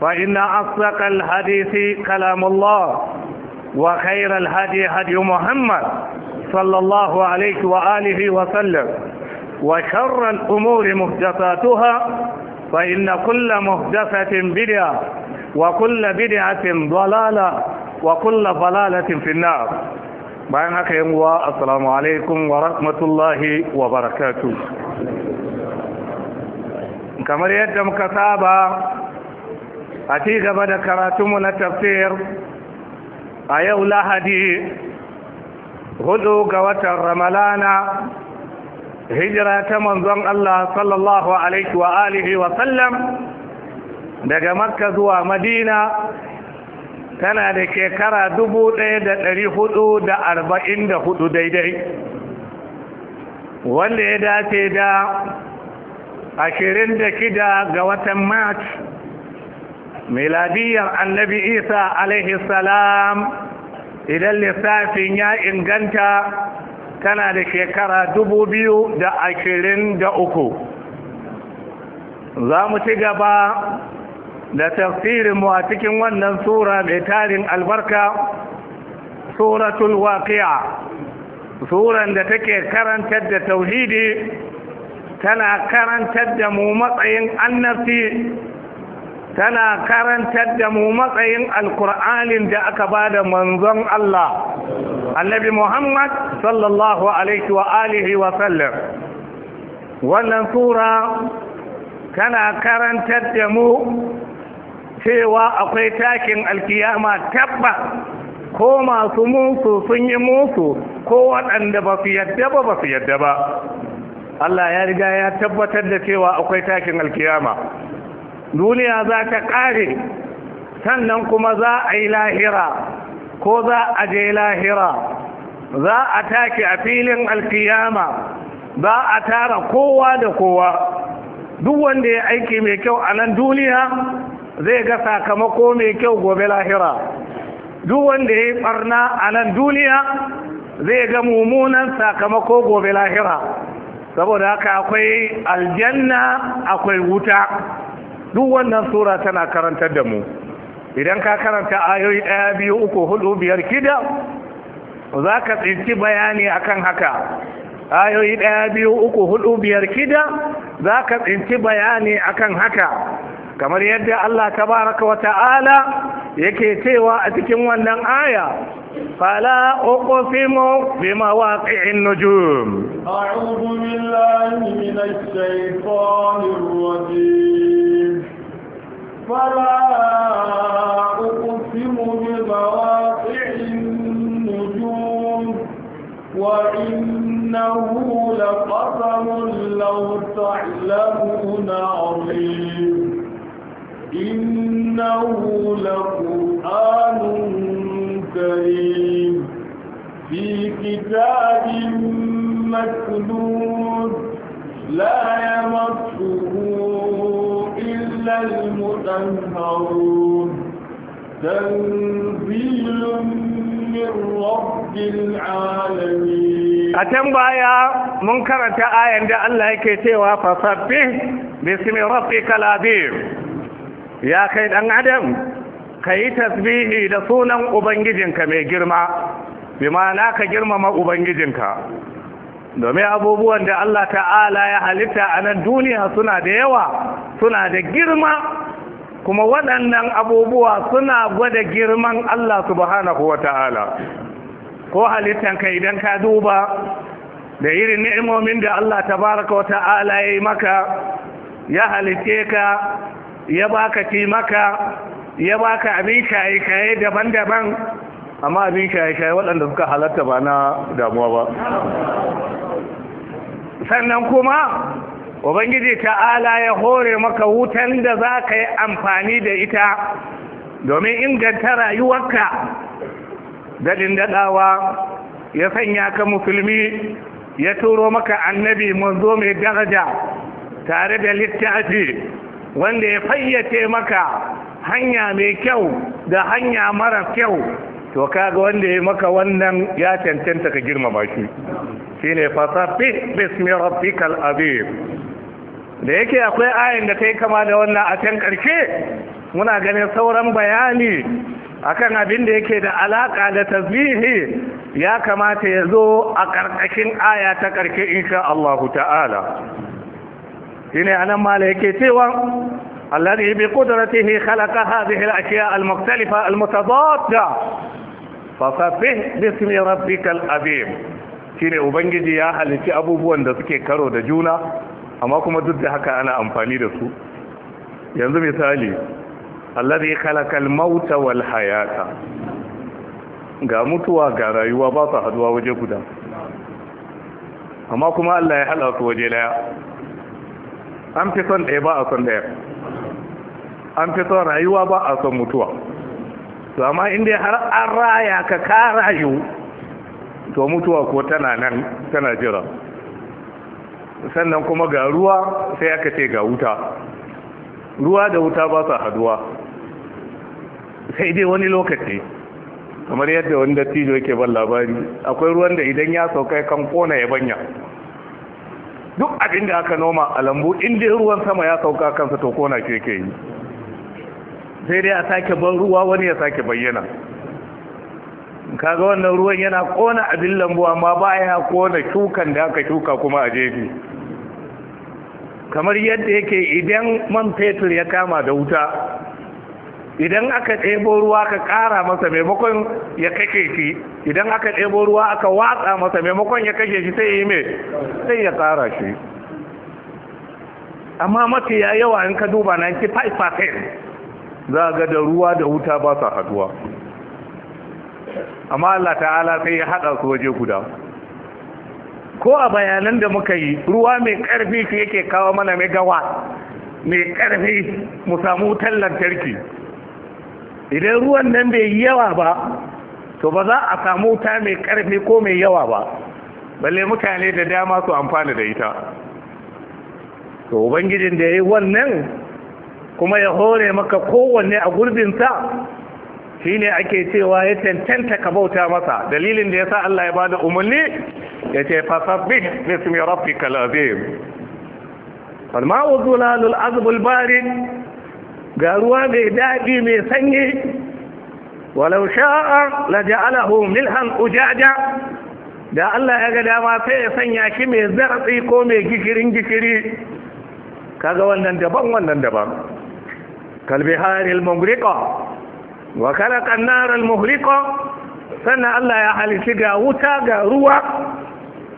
فإن أصدق الحديث كلام الله وخير الهدي هدي محمد صلى الله عليه وآله وسلم وشر الأمور مهدفاتها فإن كل مهدفة بدعة وكل بدعة ضلالة وكل ضلالة في النار bayan haka yin عليكم ورحمة الله وبركاته كما wa barakatu a ci gaba da karatunmu na tafsir a yau lahadi hudu ga watan ramalana hijira ta manzon Allah sallallahu alaihi wa alihi wa sallam daga makka zuwa madina tana da shekara hudu daidai wanda ya dace da ashirin da shida ga watan march miladiyar annabi isa alaihi salam idan lissafin ya inganta tana da shekara dubu biyu da ashirin da uku za mu ci gaba da tafsirinmu a cikin wannan sura mai tarin albarka suratul waqi'a suran da take karantar da tauhidi tana karantar da mu matsayin annabci tana karantar da mu matsayin alkur'anin da aka ba da manzon Allah annabi Muhammad sallallahu alaihi wa alihi wa sallam wannan sura tana karantar da mu cewa akwai takin alkiyama tabba ko masu musu sun yi musu ko waɗanda ba su yadda ba ba su yadda ba Allah ya riga ya tabbatar da cewa akwai takin alkiyama duniya za ta ƙare sannan kuma za a yi lahira ko za a je lahira za a take a filin alkiyama za a tara kowa da kowa duk wanda ya aiki mai kyau a nan duniya zai ga sakamako mai kyau gobe lahira duk wanda ya yi barna a nan duniya zai ga mummunan sakamako gobe lahira saboda haka akwai aljanna akwai wuta duk wannan sura tana karantar da mu idan ka karanta ayoyi ɗaya biyu uku hudu biyar kida za ka tsinci bayani akan haka ayoyi ɗaya biyu uku hudu biyar kida za ka tsinci bayani akan haka kamar yadda Allah tabaraka wa ta'ala yake cewa a cikin wannan aya فلا أقسم بمواقع النجوم أعوذ بالله من الشيطان الرجيم فلا أقسم بمواقع النجوم وإنه لقسم لو تعلمون عظيم إنه لقرآن كريم في كتاب مكنون لا يمطه إلا المتنهرون تنزيل من رب العالمين أتم بايا منكرة آية عند الله كتوى فصبه باسم ربك العظيم يا kai أن عدم ka yi tasbihi da sunan ubangijinka mai girma bi ma'ana ka girmama ubangijinka domin abubuwan da Allah ta'ala ya halitta a nan duniya suna da yawa suna da girma kuma waɗannan abubuwa suna gwada girman Allah subhanahu wa ta'ala ko halittanka idan ka duba da irin ni'imomin da Allah tabaraka wa ta'ala ya yi maka ya halitte ka ya baka ki maka ya baka abin shaye-shaye daban-daban amma abin shaye-shaye waɗanda suka halatta ba na damuwa ba sannan kuma ubangiji ta'ala ya hore maka wutan da za ka yi amfani da ita domin inganta rayuwarka daɗin daɗawa ya sanya ka musulmi ya turo maka annabi manzo mai daraja tare da littafi wanda ya fayyace maka hanya mai kyau da hanya mara kyau to kaga wanda ya maka wannan ya cancanta ka girmama shi ne fasa fi bismi rabbikal azim da yake akwai ayin da yi kama da wannan a can karshe muna ganin sauran bayani akan abin da yake da alaka da tasbihi ya kamata ya zo a karkashin aya ta karshe insha Allah ta'ala ne anan mala yake cewa الذي بقدرته خلق هذه الأشياء المختلفة المتضادة فصفه باسم ربك العظيم shine ubangiji ya halitti abubuwan da suke karo da juna amma kuma duk da haka ana amfani da su yanzu misali allazi khalaqal hayata ga mutuwa ga rayuwa ba su haduwa waje guda amma kuma Allah ya hada waje daya an fi son ɗaya ba a son ɗaya an fi son rayuwa ba a son mutuwa to amma inda har an raya ka ka rayu to mutuwa ko tana nan tana jira sannan kuma ga ruwa sai aka ce ga wuta ruwa da wuta ba sa haduwa sai dai wani lokaci kamar yadda wani dattijo yake ban labari akwai ruwan da idan ya sauka kan kona ya banya duk abin da aka noma a lambu inda ruwan sama ya sauka kansa to kona ke ke yi sai dai a sake ban ruwa wani ya sake bayyana kaga wannan ruwan yana kona abin lambu amma ba baya kona shukan da aka shuka kuma a jefi kamar yadda yake idan man fetur ya kama da wuta idan aka ɗebo ruwa ka ƙara masa maimakon ya kake shi idan aka ɗebo ruwa aka watsa masa maimakon ya kake shi sai yi mai sai ya ƙara shi amma mafi yawa in ka duba 95% za ga da ruwa da wuta ba sa haduwa amma Allah ta'ala sai ya haɗa su waje guda ko a bayanan da muka yi ruwa mai ƙarfi shi yake kawo mana mai gawa, mai ƙarfi mu samu wutar lantarki idan ruwan nan bai yi yawa ba to ba za a samu wuta mai ƙarfi ko mai yawa ba balle mutane da dama su amfana da ita to ubangijin da ya yi wannan kuma ya hore maka kowanne a gurbinsa shi ne ake cewa ya tantanta ka bauta masa dalilin da ya sa Allah ya ba da umarni ya ce fasabbih bismi rabbikal azim falma'u zulalul azbul barid ga ruwa mai daɗi mai sanyi walau sha'a la ja'alahu milhan ujaja da Allah ya ga dama sai ya sanya shi mai zartsi ko mai gishirin gishiri kaga wannan daban wannan daban kalbihar al-mugriqa wa khalaqa an al-muhriqa sannan Allah ya halici ga wuta ga ruwa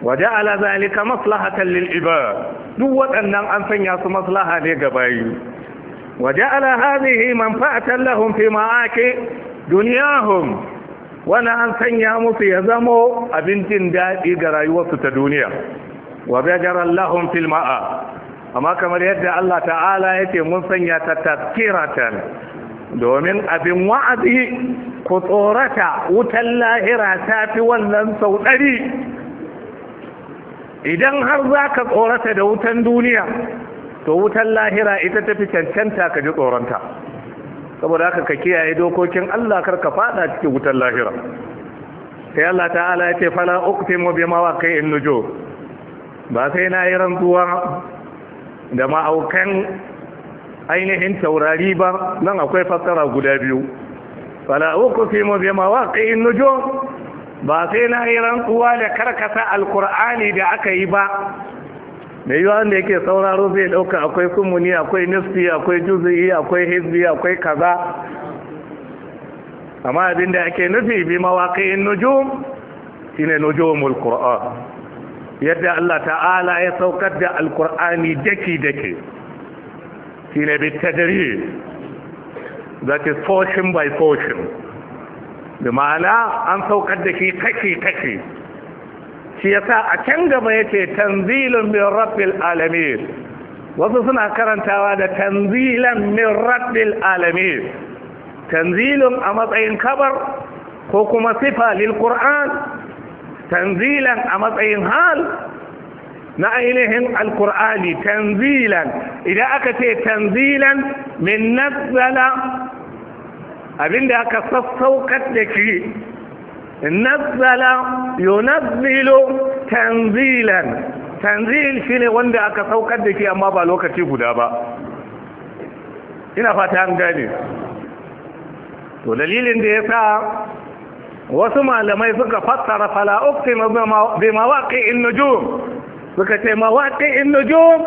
wa ja'ala zalika maslahatan lil ibad duk waɗannan an sanya su maslaha ne ga bayi wa ja'ala hadhihi manfa'atan lahum fi ma'aki dunyahum wannan an sanya musu ya zamo abincin daɗi ga rayuwarsu ta duniya wa zajaran lahum fil ma'a amma kamar yadda Allah ta'ala ya ce mun sanya ta taskiratan domin abin wa'azi ku tsorata wutan lahira ta fi wannan sau ɗari idan har za ka tsorata da wutan duniya to wutan lahira ita tafi cancanta ka ji tsoronta saboda haka ka kiyaye dokokin Allah kar ka fada cikin wutan lahira sai Allah ta'ala ya ce fala uqtimu bi mawaqi'in nujum ba sai na yi rantsuwa da ma'aukan ainihin taurari ba nan akwai fassara guda biyu fala uku fi mawaqi'in nujum ba sai na yi rantsuwa da karkasa alkur'ani da aka yi ba da yi wanda yake sauraro zai ɗauka akwai sumuni akwai nufi, akwai juzi akwai hizbi akwai kaza amma abinda ake nufi bi mawaqi'in nujum shine nujumul qur'an yadda Allah ta'ala ya saukar da alkur'ani daki-daki shi ne bitadiri that is portion by portion da ma'ana an saukar da shi taki-taki shi sa a can gaba ya ce tanzilin min rabbil alamin wasu suna karantawa da tanzilan min rabbil alamin tanzilin a matsayin kabar ko kuma sifa lil qur'an tanzilan a matsayin hal na ainihin alkur'ani tanzilan idan aka ce tanzilan min nazzala abinda aka sassaukar da shi nazzala yunazzilu tanzilan tanzil shine wanda aka saukar da ke amma ba lokaci guda ba ina fata an gane to dalilin da ya sa. wasu malamai suka fassara fala uqsimu bi mawaqi'in nujum suka ce mawaqi'in nujum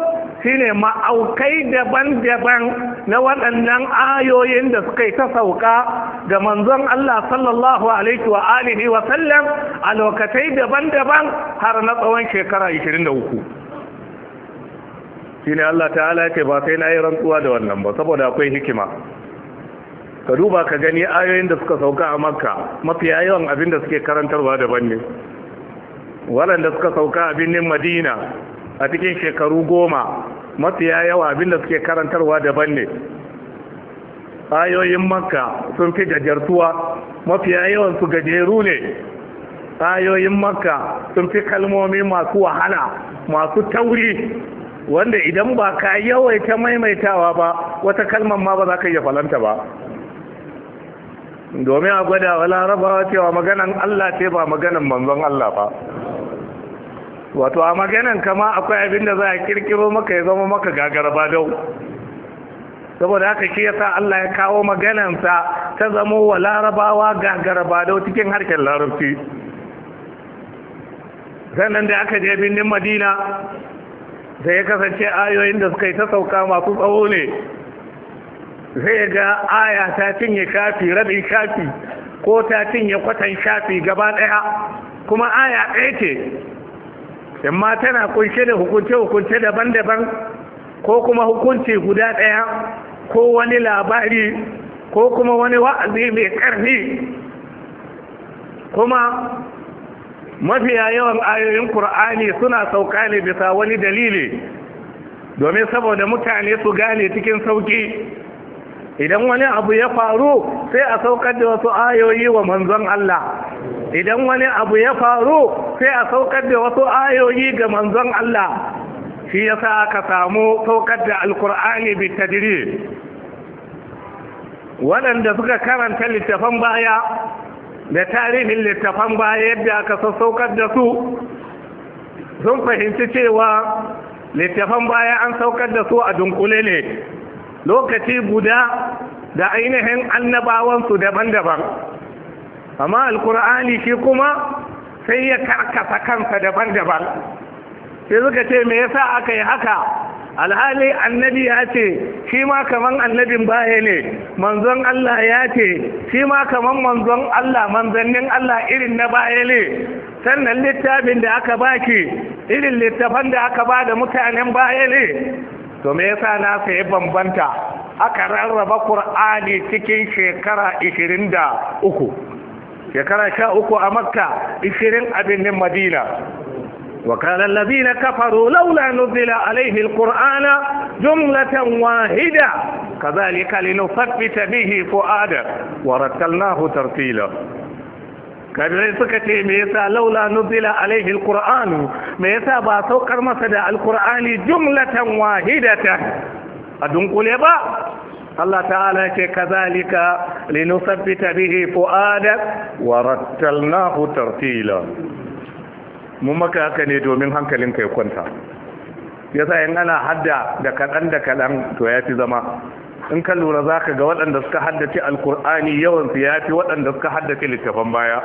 shine ma'aukai daban-daban na waɗannan ayoyin da suka yi ta sauka ga manzon Allah sallallahu alaihi wa alihi wa sallam a lokacin daban-daban har na tsawon shekara 23 shine Allah ta'ala ce ba sai na yi rantsuwa da wannan ba saboda akwai hikima ka duba ka gani ayoyin da suka sauka a makka mafiya yawan abin da suke karantarwa daban ne waɗanda suka sauka a birnin madina a cikin shekaru goma mafiya yawa abin da suke karantarwa daban ne ayoyin makka sun fi gajartuwa mafiya yawan su gajeru ne ayoyin makka sun fi kalmomi masu wahala masu tauri wanda idan ba ka yawaita maimaitawa ba wata kalmar ma ba za ka iya falanta ba domin a gwada wa larabawa cewa maganan Allah ce ba maganan manzon Allah ba wato a maganan kama akwai abin da za a kirkiro maka ya zama maka gagaraba dau saboda haka shi yasa Allah ya kawo maganansa ta zama wa larabawa gagaraba dau cikin harkar larabci sannan da aka je birnin madina da ya kasance ayoyin da suka yi ta sauka masu tsawo ne zai ga aya ta cinye shafi rabin shafi ko ta cinye kwatan shafi gaba ɗaya kuma aya ɗaya ce amma tana kunshe da hukunce-hukunce daban-daban ko kuma hukunce guda ɗaya ko wani labari ko kuma wani wa'azi mai ƙarfi kuma mafiya yawan ayoyin ƙur'ani suna sauka ne bisa wani dalili domin saboda mutane su gane cikin sauƙi idan wani abu ya faru sai a saukar da wasu ayoyi wa manzon Allah idan wani abu ya faru sai a saukar da wasu ayoyi ga manzon Allah shi yasa aka samu saukar da alkur'ani bi tadrir waɗanda suka karanta littafan baya da tarihin littafan baya yadda aka saukar da su sun fahimci cewa littafan baya an saukar da su a dunkule ne lokaci guda da ainihin annabawansu daban-daban amma alkur'ani shi kuma sai ya karkasa kansa daban-daban sai suka ce me yasa aka yi haka alhali annabi ya ce shi ma kaman annabin baya ne manzon Allah ya ce shi ma kaman manzon Allah manzannin Allah irin na baya ne sannan littafin da aka baki irin littafan da aka ba da mutanen baya ne to me yasa na sai bambanta aka rarraba Qur'ani cikin shekara 23 shekara 13 a Makka 20 a birnin Madina وقال الذين كفروا لولا نزل عليه القرآن جملة واحدة كذلك لنثبت به فؤادا ورتلناه ترتيلا kabirai suka ce me yasa laula nuzila alaihi alqur'anu me yasa ba saukar masa da alqur'ani jumlatan wahidatan a dunkule ba Allah ta'ala ce kazalika linusabbita bihi fu'adak wa rattalnahu tartila mun maka haka ne domin hankalin kai kwanta yasa in ana hadda da kaɗan da kaɗan to ya zama in ka lura za ka ga waɗanda suka haddace alkur'ani yawansu ya fi waɗanda suka haddace littafan baya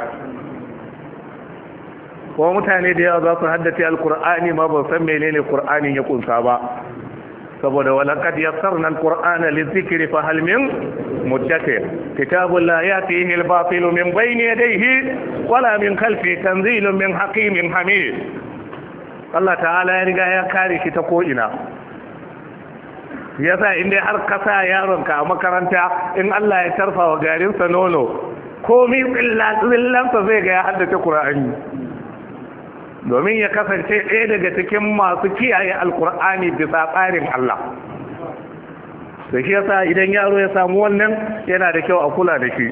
kuma mutane da yawa za su haddace alkur'ani ma ba san menene kur'ani ya kunsa ba saboda walakad yassarna alqur'ana lizikri fa hal min mudakkir Kitabun la yatihi al-batil min bayni yadayhi wala min khalfi tanzilun min hakimin hamid Allah ta'ala ya riga ya kare shi ta ko'ina yasa in dai har ka sa yaronka a makaranta in Allah ya tarfa wa garinsa nono ko komi tsillansa zai ga ya haddace Qur'ani domin ya kasance ɗaya daga cikin masu kiyaye alkur'ani bisa tsarin Allah da shi yasa idan yaro ya samu wannan yana da kyau a kula da shi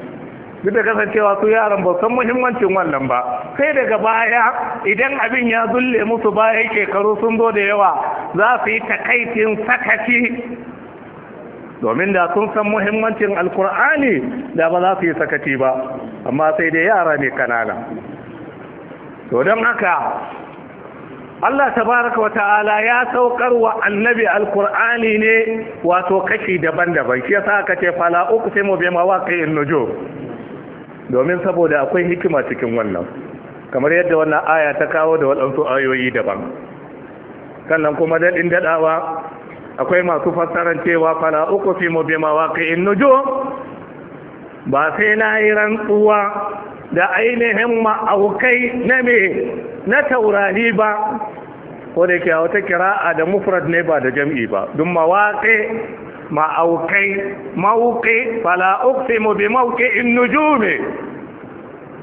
duk da kasancewa su yaran ba san muhimmancin wannan ba sai daga baya idan abin ya zulle musu bayan shekaru sun zo da yawa za su yi takaitin sakaci domin da sun san muhimmancin alkur'ani da ba za su yi sakaci ba amma sai dai yara ne kanana to don haka Allah tabaraka wa ta'ala ya saukar wa annabi alkur'ani ne wato kashi daban-daban shi sa aka ce fala bai bi yin nujo domin saboda akwai hikima cikin wannan kamar yadda wannan aya ta kawo da waɗansu ayoyi daban sannan kuma daɗin daɗawa akwai masu fassarar cewa fara uku fi mu bima waqi'in nujo ba sai na yi rantsuwa da ainihin ma'aukai na me na taurari ba ko da ke a wata kira'a da mufrad ne ba da jam'i ba dun mawaƙe ma'aukai mauƙi fala uqsimu bi mauqi'in nujumi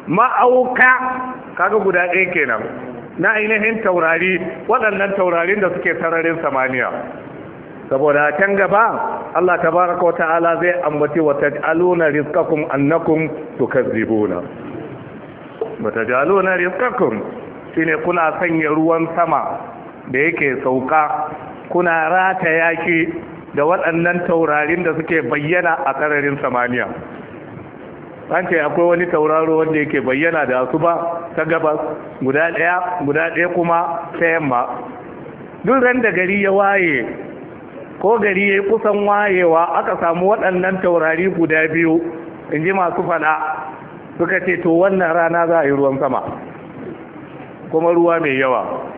ma'auka kaga guda ɗaya kenan na ainihin taurari waɗannan taurarin da suke sararin samaniya saboda can gaba Allah Ta baraka tabaraka ta'ala zai ambaci wa taj'aluna rizqakum annakum tukazzibuna wa taj'aluna rizqakum shine kuna sanya ruwan sama da yake sauka kuna rata yaki da waɗannan taurarin da suke bayyana a sararin samaniya an ce akwai wani tauraro wanda yake bayyana da su ba ta gabas guda ɗaya guda ɗaya kuma ta yamma duk ran da gari ya waye ko gari ya yi kusan wayewa aka samu waɗannan taurari guda biyu in ji masu fada suka ce to wannan rana za a yi ruwan sama kuma ruwa mai yawa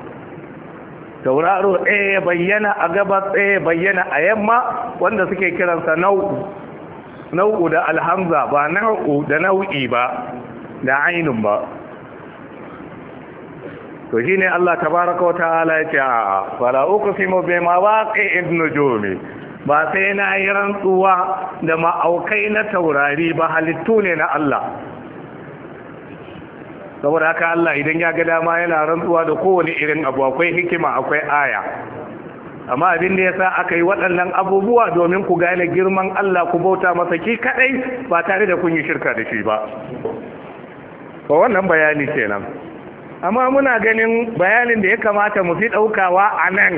tauraro ɗaya eh, ya bayyana a gabas ɗaya eh, ya bayyana a yamma wanda suke kiransa nau'u da alhamza ba nau'u da nau'i ba da ainihin ba to shi ne Allah tabaraka wa ta'ala ya ce a fara uku ma bai ma waƙe ibn jomi ba sai na yi rantsuwa da ma'aukai na taurari ba halittu ne na Allah saboda haka Allah idan ya ga dama yana rantsuwa da kowane irin abu akwai hikima akwai aya amma abin da yasa aka yi waɗannan abubuwa domin ku gane girman Allah ku bauta masa ki kadai ba tare da kun yi shirka da shi ba ba wannan bayani kenan amma muna ganin bayanin da ya kamata mu fi ɗaukawa a nan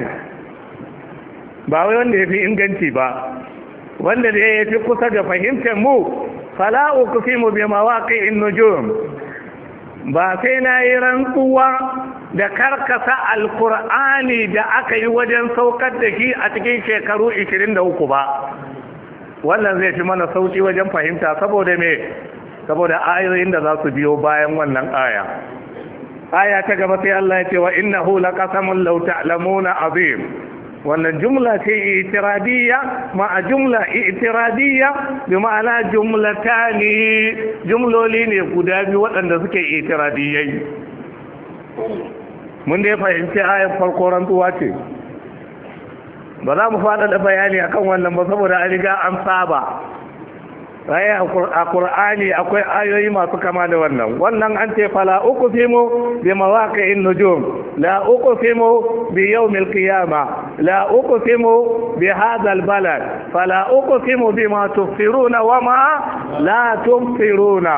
ba wai wanda ya fi inganci ba wanda da ya fi kusa da fahimtar mu fala uqsimu bima waqi'in nujum ba sai na yi rantsuwa da karkasa alkur'ani da aka yi wajen saukar da shi a cikin shekaru 23 ba wannan zai fi mana sauki wajen fahimta saboda me saboda ayoyin da za su biyo bayan wannan aya aya ta gaba sai Allah ya ce wa innahu laqasamun law ta'lamuna azim wannan jumla ce itiradiyya ma'a jumla itiradiyya bi ma'ana jumlata ne jumloli ne guda biyu waɗanda suke itiradiyyai mun dai fahimci ayar farko rantsuwa ce ba za mu faɗaɗa bayani akan wannan ba saboda an riga an saba raye a ƙur'ani akwai ayoyi masu kama da wannan wannan an ce fala uku fimo bi mawaƙi in nujum la uku fimo bi yau milkiyama la uku fimo bi hadal balad fala uku fimo bi ma tufiruna wa ma la tufiruna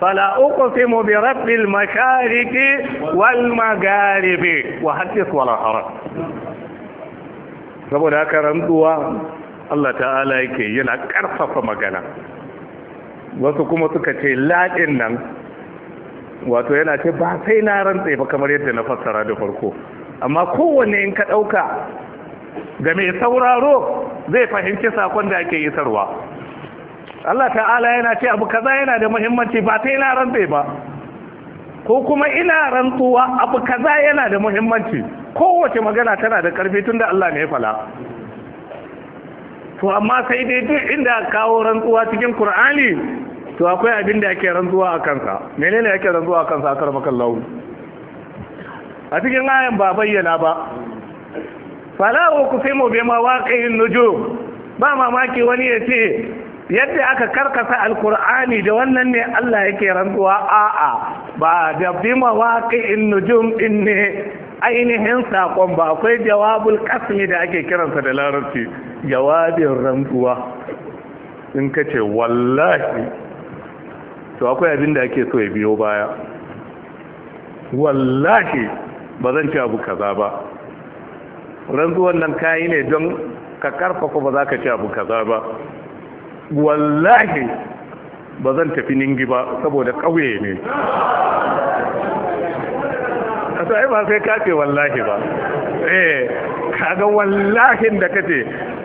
fala uku fimo bi rabbil mashariki wal magaribi wa hadis wala haram saboda haka rantsuwa Allah ta'ala yake yana ƙarfafa magana wasu kuma suka ce laɗin nan wato yana ce ba sai na rantse ba kamar yadda na fassara da farko amma kowanne in ka ɗauka ga mai sauraro zai fahimci sakon da ake isarwa Allah ta'ala yana ce abu kaza yana da muhimmanci ba sai na rantse ba ko kuma ina rantsuwa abu kaza yana da muhimmanci kowace magana tana da karfi tunda Allah ne ya fala to amma sai dai duk inda kawo rantsuwa cikin Qur'ani to akwai abin da yake rantsuwa a kansa menene yake rantsuwa a kansa akar makallahu a cikin ayan ba bayyana ba fala mu bima waqi'in nujum ba mamaki wani ya ce yadda aka karkasa alkur'ani da wannan ne Allah yake rantsuwa a'a ba da bima waqi'in nujum din ne ainihin sakon ba akwai jawabul qasmi da ake kiransa da larabci jawabin rantsuwa in kace wallahi to akwai abin da ake so ya biyo baya wallahi ba zan ci abu kaza ba rantsuwan nan kayi ne don ka karfafa ba za ka ci abu kaza ba wallahi ba zan tafi ningi ba saboda ƙauye ne a sai ba sai ce wallahi ba eh kaga wallahin da kace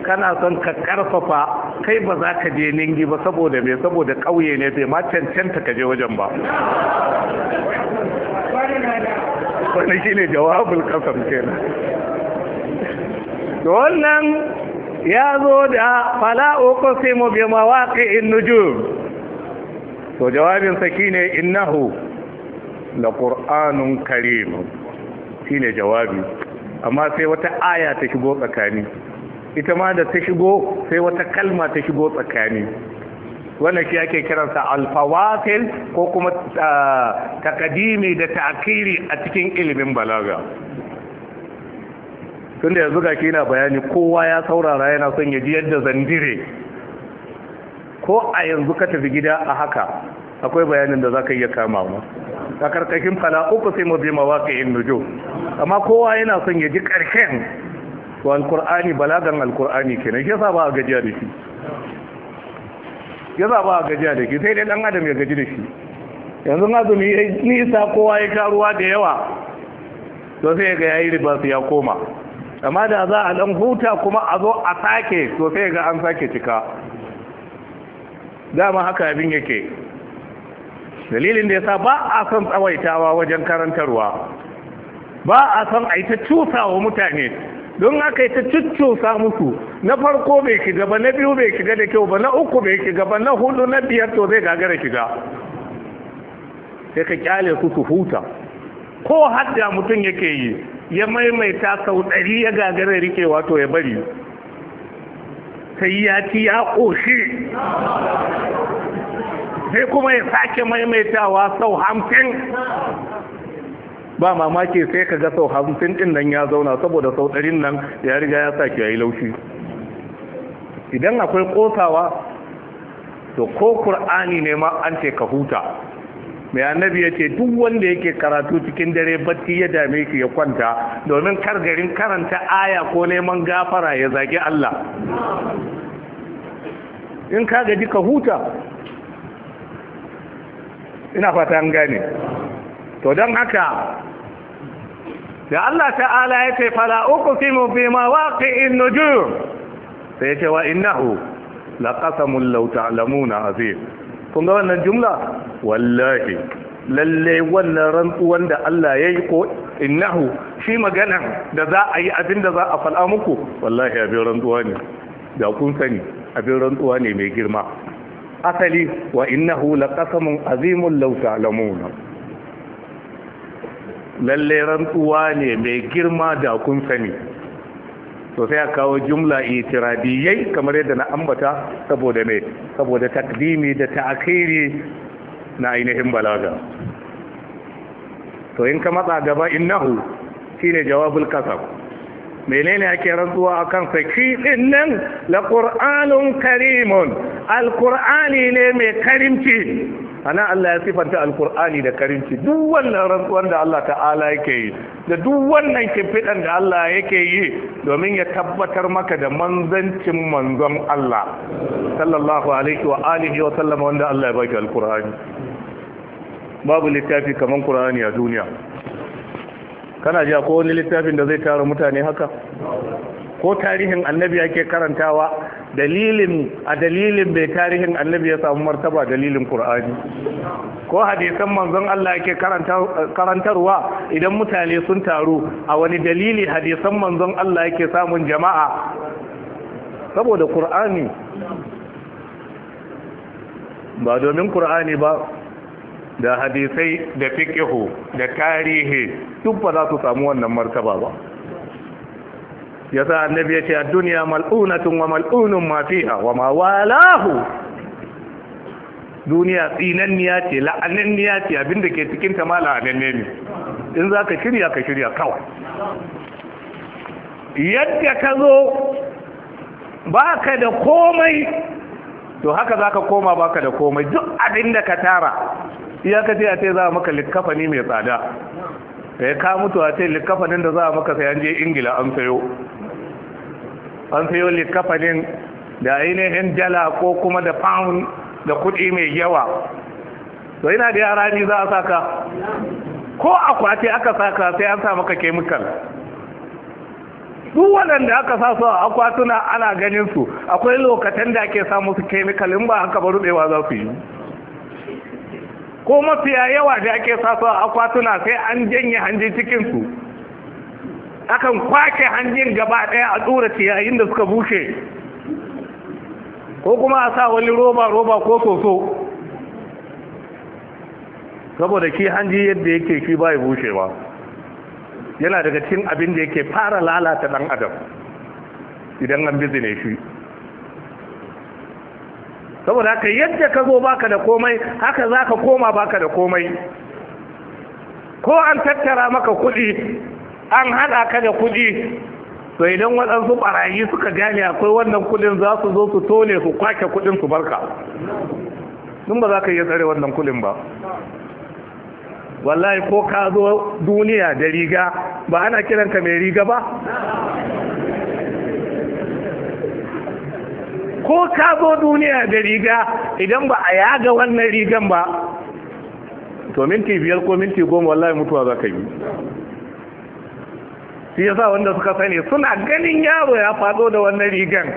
kana son ka karfafa kai ba za ka je ningi ba saboda me saboda kauye ne bai ma cancanta ka je wajen ba wani shine jawabul kasam kenan Da wannan ya zo da fala mu bi mawaqi'in nujum to jawabin sa kine innahu la Karimu, karim shine jawabi amma sai wata aya ta shigo tsakani ita ma da ta shigo sai wata kalma ta shigo tsakani wannan shi ake kiransa alfawatil ko kuma takadimi da ta'akiri a cikin ilimin balaga tunda yanzu ga shi na bayani kowa ya saurara yana son ya ji yadda zandire ko a yanzu ka tafi gida a haka akwai bayanin da za ka iya kama ma a karkashin fala uku sai mu bi mawaƙi'in nujo amma kowa yana son ya ji ƙarshen to alkur'ani balagan alkur'ani kenan sa ba a gajiya da shi sa ba a gajiya da shi sai dai dan adam ya gaji da shi yanzu azumi ya nisa kowa ya sha ruwa da yawa to sai ga yayi riba su ya koma amma da za a dan huta kuma a zo a sake to sai ga an sake cika dama haka abin yake dalilin da yasa ba a son tsawaitawa wajen karantarwa ba a san a yi ta cusa wa mutane don aka yi ta cucusa musu na farko bai shiga ba na biyu bai shiga da kyau ba na uku bai shiga ba na hudu na biyar to zai gagara shiga sai ka kyale su su huta ko hadda mutum yake yi ya maimaita sau ɗari ya gagara rike wato ya bari sai ya ci ya ƙoshi sai kuma ya sake maimaitawa sau hamsin ba mamaki sai ka ga sau hamsin din nan ya zauna saboda sau ɗarin nan ya riga ya sa yayi laushi idan akwai ƙosawa to ko Kur'ani ne ma an ce ka huta mai annabi ya ce duk wanda yake karatu cikin dare bacci ya dame shi ya kwanta domin kar garin karanta aya ko neman gafara ya zagi Allah in ka gaji ka huta ina fata an gane to don haka da Allah ta'ala ya ce uku fi uqsimu bima waqi'in nujum sai ya ce wa innahu laqasamun law a zai? kun ga wannan jumla wallahi lallai wannan rantsuwan da Allah ya yi ko innahu shi magana da za a yi abin da za a fada muku wallahi abin rantsuwa ne da kun sani abin rantsuwa ne mai girma asali wa innahu laqasamun azimun law ta'lamuna lalle rantsuwa ne mai girma da kun sani to sai a kawo jumla itirabiyai kamar yadda na ambata saboda mai saboda takdimi da ta'akiri na ainihin balaga to in ka matsa gaba innahu shine jawabul kasab menene ake rantsuwa akan sa shi din nan la qur'anun karimun alqur'ani ne mai karimci ana Allah ya sifanta alkur'ani da karinci duk wannan rantsuwar da Allah ta'ala yake yi da duk wannan kifidan da Allah yake yi domin ya tabbatar maka da manzancin manzon Allah sallallahu alaihi wa alihi wa sallam wanda Allah ya baki alkur'ani babu littafi kaman qur'ani a duniya kana ji akwai wani littafin da zai tara mutane haka ko tarihin annabi yake karantawa dalilin a dalilin bai tarihin annabi ya samu martaba dalilin qur'ani ko hadisan manzon Allah yake karantarwa idan mutane sun taru a wani dalili hadisan manzon Allah yake samun jama'a saboda qur'ani ba domin qur'ani ba da hadisai da fiqhu da tarihi duk ba za su samu wannan martaba ba Ya sa annabi ya ce a duniya mal'unatun wa mal'unun mafiya wa ma duniya tsinanniya ce la'ananniya ce abinda ke cikin ta ma la'ananne ne in za ka shirya ka shirya kawai yadda ka zo ba ka da komai to haka za ka koma ba ka da komai duk abinda ka tara ce a ce za a maka likafani mai tsada ya ka mutu a ce likafanin da za a maka sayan je ingila an sayo an siyo likafanin da ainihin jala ko kuma da pound da kuɗi mai yawa to yana da yara ne za a saka ko akwati aka saka sai an samu ka kemikal duk waɗanda aka sa su a akwatuna ana ganin su akwai lokacin da ake samu su kemikal in ba haka ba rubewa za su yi ko mafiya yawa da ake sa su a akwatuna sai an janye hanji cikinsu. akan kwake hanjin gaba ɗaya a tsura yayin da suka bushe ko kuma a sa wani roba-roba ko soso saboda ki hanji yadda yake shi bai bushewa yana daga cikin abin da yake fara lalata ɗan adam idan an bizine shi saboda haka yadda ka zo baka da komai haka za ka koma baka da komai ko an tattara maka kuɗi an haɗa ka da kuɗi to idan waɗansu ɓarayi suka gane akwai wannan kuɗin za su zo su tone su kwake kuɗin su barka dun ba za ka iya tsare wannan kuɗin ba wallahi ko ka zo duniya da riga ba ana kiranka mai riga ba ko ka zo duniya da riga idan ba a yaga wannan rigan ba to minti biyar ko minti goma wallahi mutuwa za ka yi shi yasa wanda suka sani suna ganin yaro ya fado da wannan rigan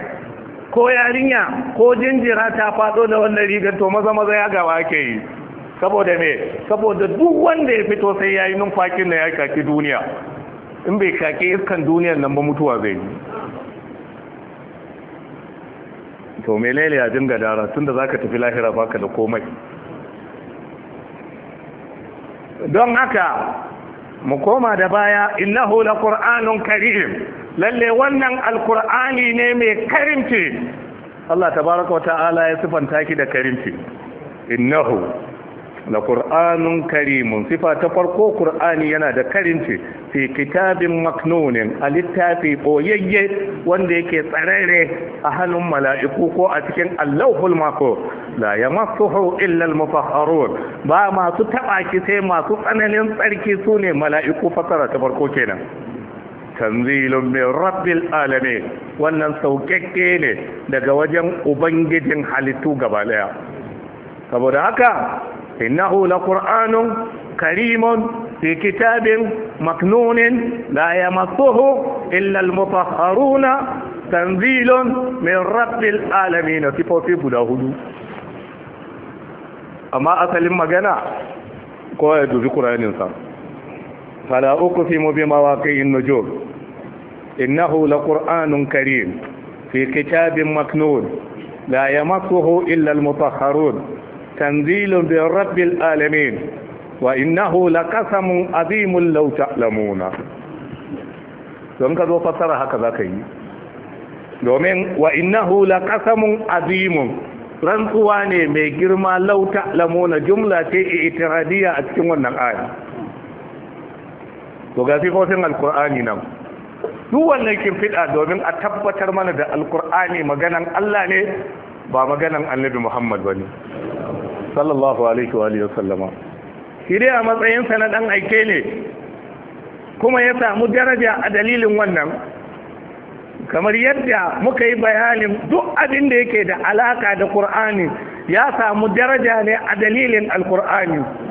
ko yarinya ko jinjira ta fado da wannan rigan to maza maza ya gawa ake yi saboda me saboda duk wanda ya fito sai yayi numfakin da ya kaki duniya in bai kaki iskan duniyar nan ba mutuwa zai yi to menene ya dinga dara tunda zaka tafi lahira baka da komai don haka mu koma da baya innahu la qur'anun karim lalle wannan alqur'ani ne mai karimci Allah tabaraka wa ta'ala ya sifanta ki da karimci innahu la qur'anun karimun sifa ta farko Kur'ani, yana da karinci fi kitabin maknunin a littafi ɓoyayye wanda yake tsararre a hannun mala'iku ko a cikin allahul mako la yamassuhu illa al-mutahharun ba masu taɓa ki sai masu tsananin tsarki sune mala'iku fasara ta farko kenan tanzilun min rabbil alame, wannan saukakke ne daga wajen ubangijin halittu gaba ɗaya saboda haka إنه لقرآن كريم في كتاب مكنون لا يمسه إلا المطهرون تنزيل من رب العالمين في فوتيب داهود أما أسلم مجانا كوية ذكر الإنسان فلا أقسم بمواقع النجوم إنه لقرآن كريم في كتاب مكنون لا يمسه إلا المطهرون تنزيل bi rabbil alamin wa innahu laqasamun azimun law ta'lamuna don ka zo fasara haka لقسم yi domin wa azimun rantsuwa ne mai girma lauta ta'lamuna jumla ce itiradiya a cikin wannan aya to ga sifofin alqur'ani nan duk wannan kin fida domin a tabbatar mana da alqur'ani maganan Allah ne ba maganan annabi Muhammad bane sallallahu alaihi wa sallama shi a matsayinsa na ɗan aike ne kuma ya samu daraja a dalilin wannan kamar yadda muka yi bayanin duk abin da yake da alaka da Kur'ani ya samu daraja ne a dalilin alqur'ani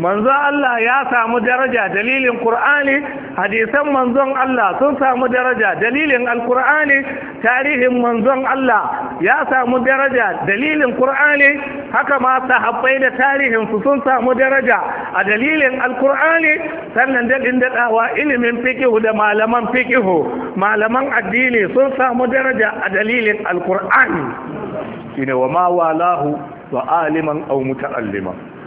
manzon Allah ya samu daraja dalilin Kur'ani. hadisan manzon Allah sun samu daraja dalilin al kurani tarihin manzon Allah ya samu daraja dalilin Kur'ani. haka ma sahabbai da tarihin su sun samu daraja a dalilin al kurani sannan dadin dadawa ilimin fiqh da malaman fiqh malaman addini sun samu daraja a dalilin al kurani shine wa ma walahu wa aliman aw muta'alliman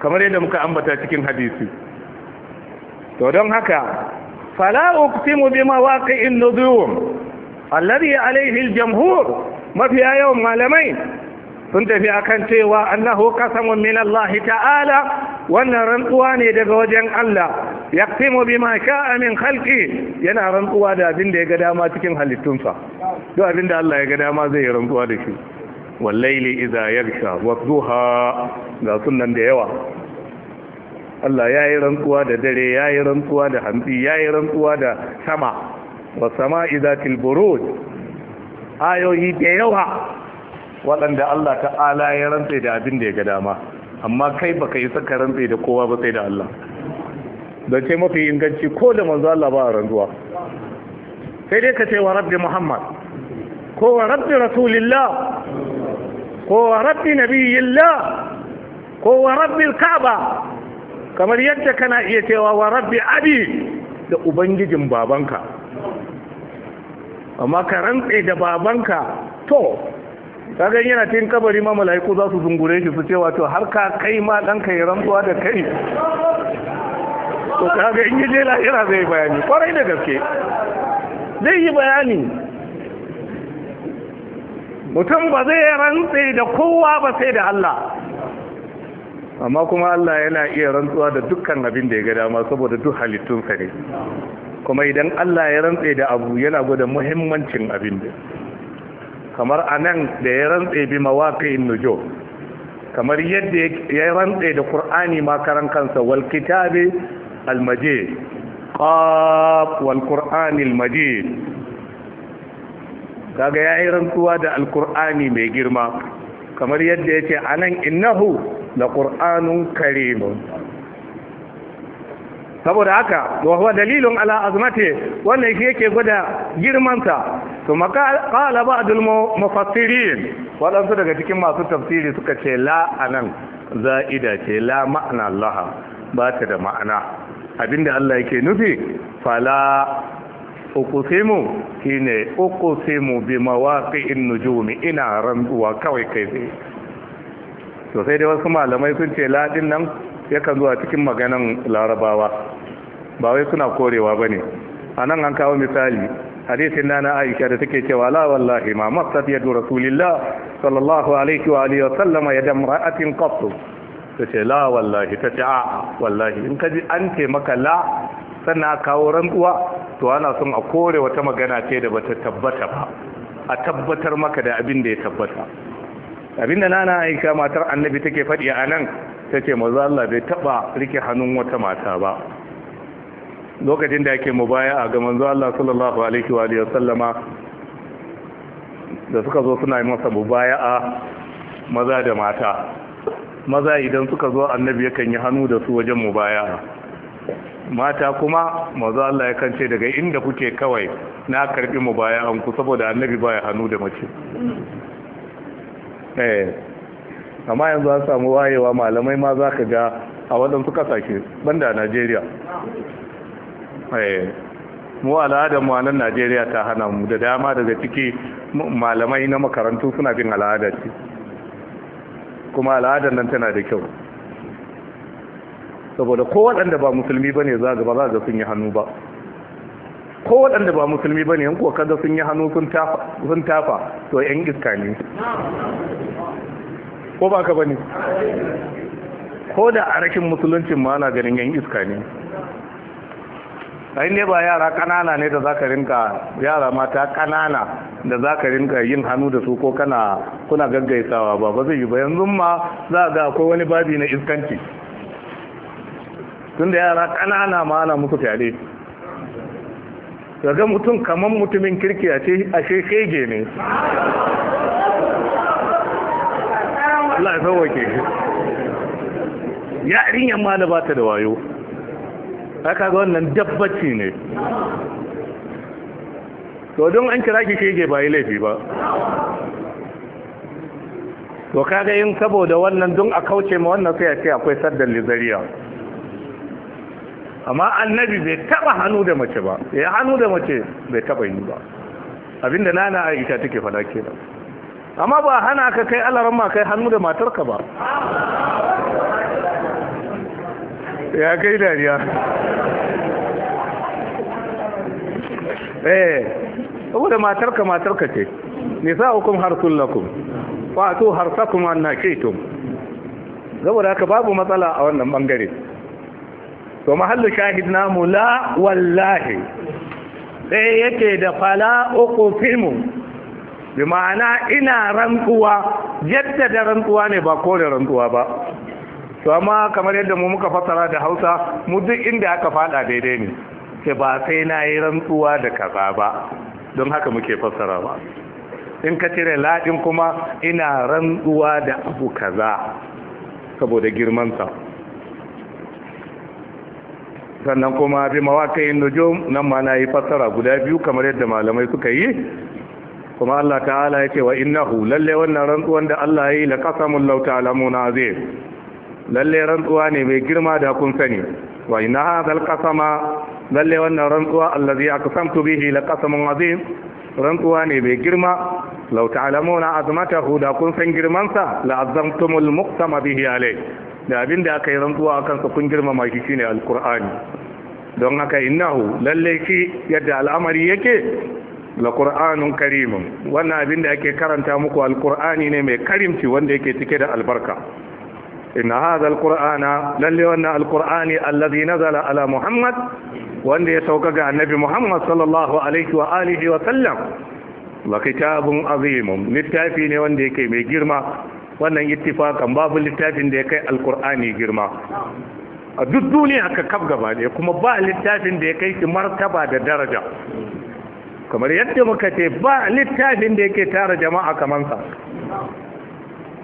kamar yadda muka ambata cikin hadisi to don haka fala uqsimu bima waqi'in nuzum alladhi alayhi jamhur mafiya yawan malamai sun tafi akan cewa annahu qasamun min Allah ta'ala wannan rantsuwa ne daga wajen Allah yaqsimu bima sha'a min khalqi yana rantsuwa da abin da ya ga dama cikin halittunsa duk abin da Allah ya ga dama zai rantsuwa da shi wallaili idza yarsha wadduha ga sunan da yawa Allah ya yi rantsuwa da dare ya yi rantsuwa da hantsi ya yi rantsuwa da sama wa sama izatil buruj ayoyi da yawa waɗanda Allah ta'ala ya rantse da abin da ya ga dama amma kai baka yi saka rantse da kowa ba sai da Allah da ce mafi inganci ko da manzo Allah ba rantsuwa sai dai ka ce wa rabbi muhammad ko wa rabbi rasulillah Kowa na rabbi nabiyillah ko kowa rabbil kaba kamar yadda kana iya cewa wa rabbi abi da ubangijin babanka amma ka rantse da babanka to kagan yana cikin kabari ma mala'iku za su zungure shi su cewa to har ka kai ma ɗanka yi rantsuwa da kai to kaga in yi jela ira zai bayani kwarai da gaske zai yi bayani mutum ba zai rantse da kowa ba sai da Allah amma kuma Allah yana iya rantsuwa da dukkan abin da ya ga dama saboda duk halittunsa ne kuma idan Allah ya rantse da abu yana gwada muhimmancin abin da kamar anan da ya rantse bi mawaqi'in nujum kamar yadda ya rantse da Qur'ani makaran kansa wal kitabi al majid qaf wal al majid kaga yi rantsuwa da alqur'ani mai girma kamar yadda yake anan innahu laqur'anun karim saboda haka wa huwa dalilun ala azmati wannan shi yake gwada girmansa to maka qala ba'dul mufassirin su daga cikin masu tafsiri suka ce la anan za'ida ce la ma'ana Allah ba ta da ma'ana abinda Allah yake nufi fala uqsimu shine uqsimu bi mawaqi'in nujumi ina rantsuwa kawai kai sai to sai dai wasu malamai sun ce ladin nan yakan zuwa cikin maganan larabawa ba wai suna korewa bane anan an kawo misali hadisin nana Aisha da take cewa la wallahi ma ya yadu rasulillah sallallahu alaihi wa alihi wa sallama yadam ra'atin qattu tace la wallahi tace a wallahi in kaji an ce maka la sannan kawo rantsuwa to ana son a kore wata magana ce da bata tabbata ba a tabbatar maka da abin da ya tabbata abin da nana aika matar annabi take faɗi a nan ta ce maza Allah bai taɓa rike hannun wata mata ba lokacin da ake mubaya a ga manzo Allah sallallahu alaihi wa sallama da suka zo suna yi masa mubaya'a maza da mata maza idan suka zo annabi yakan yi hannu da su wajen mubaya'a mata kuma mazu Allah ya kance daga inda kuke kawai na karbi mu baya an ku saboda annabi baya hannu da mace eh amma yanzu an samu wayewa malamai ma za ka ga a waɗansu kasashe banda Najeriya eh mu al'adar mu a nan Najeriya ta hana mu da dama daga ciki malamai na makarantu suna bin al'ada ce kuma al'adar nan tana da kyau saboda ko waɗanda ba musulmi ba ne za ga ba za ga sun yi hannu ba ko waɗanda ba musulmi ba ne yanko kada sun yi hannu sun tafa to yan iska ne ko ba ka ba ne ko da a rashin musuluncin ma na ganin yan iska ne ne ba yara kanana ne da za ka rinka yara mata kanana da za ka rinka yin hannu da su ko kana kuna gaggaisawa ba ba zai yi ba yanzu ma za ga akwai wani babi na iskanci tunda yara ƙanana ma ana muku tare ga mutum kamar mutumin kirki a ce shege ne Allah ya sauwake ya ma da ba ta da wayo haka ga wannan dabbaci ne to don an kira ki shege ba yi laifi ba to kaga yin saboda wannan don a kauce ma wannan sai a ce akwai saddan lizariya amma annabi bai taba hannu da mace ba ya eh, hannu da mace bai taba yi ba abinda nana aisha take fada kenan amma ba hana ka kai alaran ma kai hannu da matarka ba ya kai dariya eh da matarka matarka ce nisa'ukum harsul lakum fa'tu harsakum annakaytum saboda haka babu matsala a wannan bangare to mahallu shahid namu la wallahi ɗaya yake da fala uku fimu bi ma'ana ina rantsuwa yadda da rantsuwa ne ba ko rantsuwa ba to amma kamar yadda mu muka fassara da hausa mu duk inda aka fada daidai ne sai ba sai na yi rantsuwa da kaza ba don haka muke fassara ba in ka cire laɗin kuma ina rantsuwa da abu kaza saboda girmansa sannan kuma bi mawaƙayin nujum nan ma na yi fassara guda biyu kamar yadda malamai suka yi kuma Allah ta'ala ya ce wa innahu lalle wannan rantsuwan da Allah ya yi la qasamul law ta'lamuna azim lalle rantsuwa ne mai girma da kun sani wa inna hadhal qasama lalle wannan rantsuwa allazi aqsamtu bihi la qasamun azim rantsuwa ne mai girma law ta'lamuna azmatahu da kun san girman sa la azamtumul muqtama bihi alayh da abin da aka yi rantsuwa a kansa kun girmama shi shine alkur'ani don haka innahu lalle shi yadda al'amari yake la qur'anun karimun wannan abin da ake karanta muku alkur'ani ne mai karimci wanda yake cike da albarka inna hadha alqur'ana lalle wannan alqur'ani alladhi nazala ala muhammad wanda ya sauka ga annabi muhammad sallallahu alaihi wa alihi wa sallam la kitabun littafi ne wanda yake mai girma wannan ittifakan babu littafin da ya kai alkur'ani girma a duk duniya ka kaf gaba ne kuma ba littafin da ya kai shi martaba da daraja kamar yadda muka ce ba littafin da yake tara jama'a kamar sa